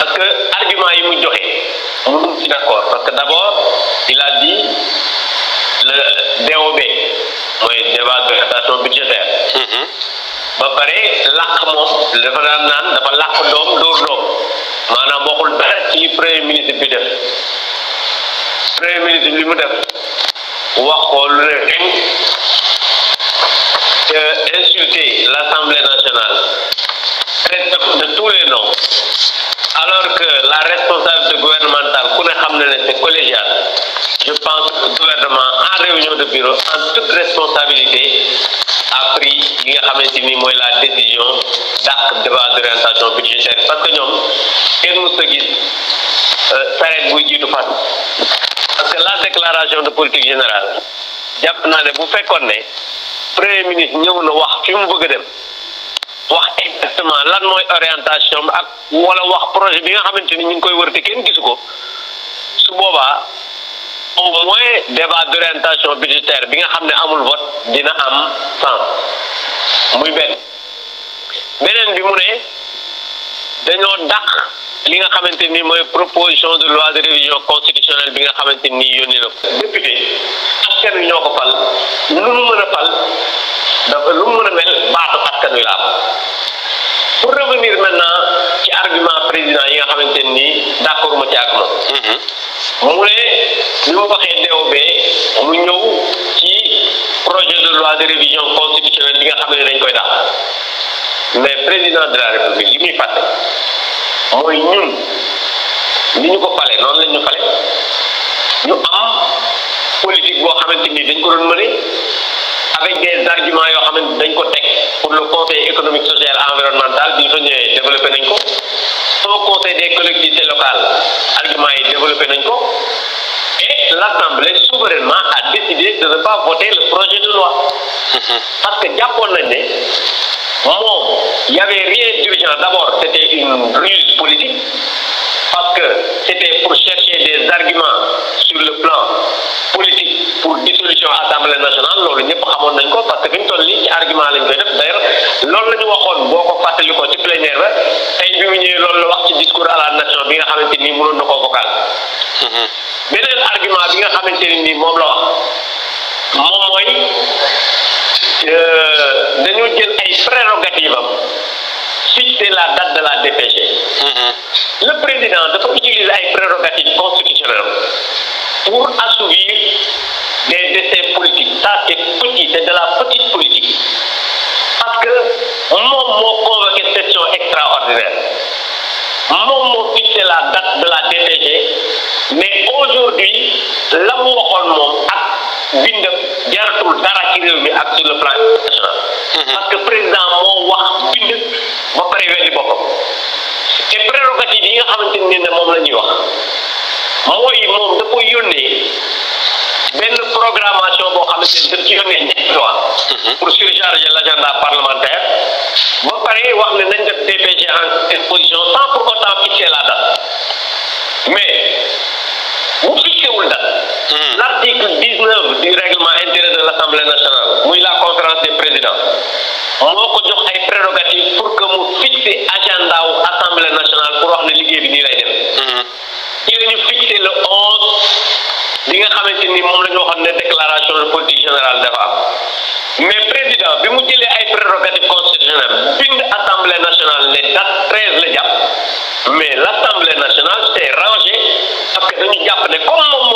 parce que argument yi mu joxe mënul d'accord parce que d'abord il a dit le DOB mooy débat d'orientation budgétaire mais mm-hmm. pare làq le le n'a pas dafa làq doom dóor doom maanaam waxul dara ci premier ministre bi premier ministre li mu def wax le l'Assemblée nationale de tous les noms alors que la responsabilité gouvernementale, c'est collégial. Je pense que le gouvernement, en réunion de bureau, en toute responsabilité, a pris la nga d'acte de la décision budgétaire parce que nous, nous avons a la déclaration de politique générale Nous avons fait bu que le premier ministre nous na wax fi wax exactement lan mooy orientation ak wala wax projet bi nga xamante ni ñu ngi koy wër te kenn gisu ko su boobaa au moins débat d'orientation budgétaire bi nga xam ne amul vote dina am sens muy benn beneen bi mu ne dañoo dàq. li nga xamante ni mooy proposition de loi de révision constitutionnelle bi nga xamante ni yónni na ko député askan wi ñoo ko fal lu mu mën a fal dafa lu mu mën a mel baatu askan wi la am pour revenir maintenant ci argument président yi nga xamante ni d'accord ma ci ak moom mhm. mu ne li mu waxee DOB mu ñëw ci projet de loi de révision constitutionnelle bi nga xam ne dañ koy daal mais président de la république li muy fàtte nous, ñun ni ñu politique dañ ko avec des arguments pour le conseil économique social environnemental bi développé nañ au conseil des collectivités locales arguments yi développé et l'assemblée souverainement a décidé de ne pas voter le projet de loi mm-hmm. parce que d'après nañ avait rien d'urgent d'abord c'était une ko parce que fi ñu toll nii ci argument lañ koy def d'ailleurs waxoon boo ko fàttali ko ci plénière ba tey bi mu ñëwee loolu la wax ci discours à la nation bi nga xamante ni mënoon na koo vocal. Mhm. beneen argument bi nga xamante ne ni moom la wax moom mooy euh, dañu jël ay prérogatives am fixer la date de la DPG. Mhm. le président dafa utiliser ay prérogatives constitutionnelles pour assouvir des des petits c'est de la petite politique parce que moom moo convoqué session extraordinaire moom moo fixé la date de la DTG mais aujourd'hui la mu waxoon moom ak bindam jaratul dara ci réew ak sur le plan national mm-hmm. parce que président moo wax bind ba pare weddi boppam te prérogative yi nga xamante ne moom la ñuy wax demee ñetti yoon pour surcharger l' agenda parlementaire ba pare wax ne nañ def DPG en exposition sans pour autant fixer la date mais bu fixewul date mhm. l' article dix neuf du règlement intérieur de l' assemblée nationale muy la conférence des présidents moo ko jox ay prérogatives pour que mu fixe agenda wu assemblée nationale pour wax ne liggéey bi nii lay def mhm. ñu fixé le li nga xamante ni moom la ñu waxoon ne déclaration de politique générale dafa am mais président bi mu jëlee ay prérogatives constitutionnelles bind assemblée nationale ne date treize la jàpp mais l' assemblée nationale s'est rangée parce que dañu jàpp ne comme moom